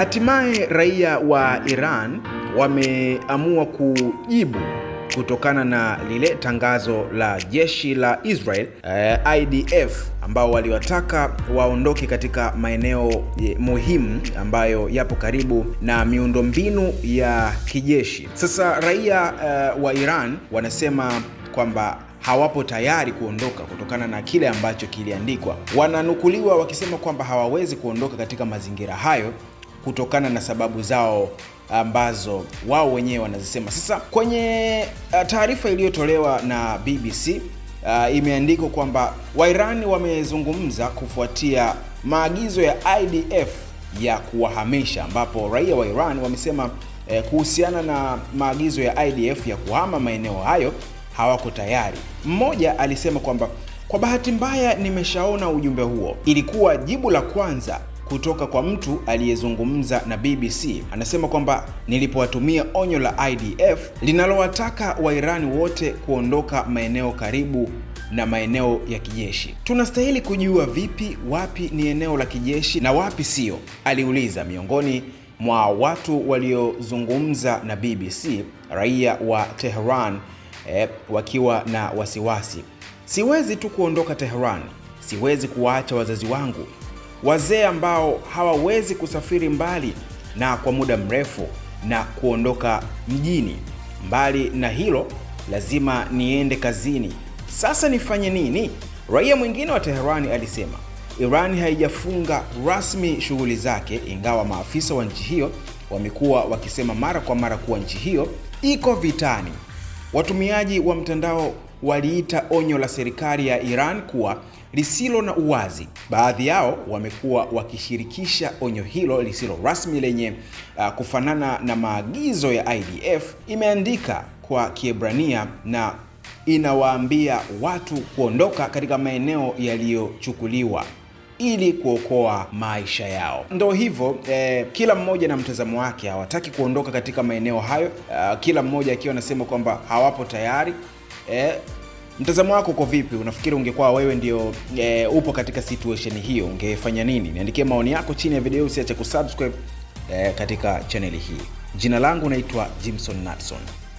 Hatimaye raia wa Iran wameamua kujibu kutokana na lile tangazo la jeshi la Israel eh, IDF ambao waliwataka waondoke katika maeneo eh, muhimu ambayo yapo karibu na miundombinu ya kijeshi. Sasa raia eh, wa Iran wanasema kwamba hawapo tayari kuondoka kutokana na kile ambacho kiliandikwa. Wananukuliwa wakisema kwamba hawawezi kuondoka katika mazingira hayo kutokana na sababu zao ambazo wao wenyewe wanazisema. Sasa kwenye uh, taarifa iliyotolewa na BBC uh, imeandikwa kwamba Wairani wamezungumza kufuatia maagizo ya IDF ya kuwahamisha, ambapo raia wa Iran wamesema eh, kuhusiana na maagizo ya IDF ya kuhama maeneo hayo hawako tayari. Mmoja alisema kwamba kwa bahati mbaya nimeshaona ujumbe huo. Ilikuwa jibu la kwanza kutoka kwa mtu aliyezungumza na BBC. Anasema kwamba nilipowatumia onyo la IDF linalowataka Wairani wote kuondoka maeneo karibu na maeneo ya kijeshi. Tunastahili kujua vipi wapi ni eneo la kijeshi na wapi sio? Aliuliza. Miongoni mwa watu waliozungumza na BBC, raia wa Tehran eh, wakiwa na wasiwasi. Siwezi tu kuondoka Tehran, siwezi kuwaacha wazazi wangu, wazee ambao hawawezi kusafiri mbali na kwa muda mrefu na kuondoka mjini. Mbali na hilo, lazima niende kazini. Sasa nifanye nini? Raia mwingine wa Teherani alisema Iran haijafunga rasmi shughuli zake, ingawa maafisa wa nchi hiyo wamekuwa wakisema mara kwa mara kuwa nchi hiyo iko vitani. Watumiaji wa mtandao waliita onyo la serikali ya Iran kuwa lisilo na uwazi. Baadhi yao wamekuwa wakishirikisha onyo hilo lisilo rasmi lenye uh, kufanana na maagizo ya IDF. Imeandika kwa Kiebrania na inawaambia watu kuondoka katika maeneo yaliyochukuliwa ili kuokoa maisha yao. Ndo hivyo eh, kila mmoja na mtazamo wake, hawataki kuondoka katika maeneo hayo. Uh, kila mmoja akiwa anasema kwamba hawapo tayari eh, Mtazamo wako uko vipi? Unafikiri ungekuwa wewe ndio e, upo katika situation hiyo ungefanya nini? Niandikie maoni yako chini ya video, usiache kusubscribe e, katika chaneli hii. Jina langu naitwa Jimson Natson.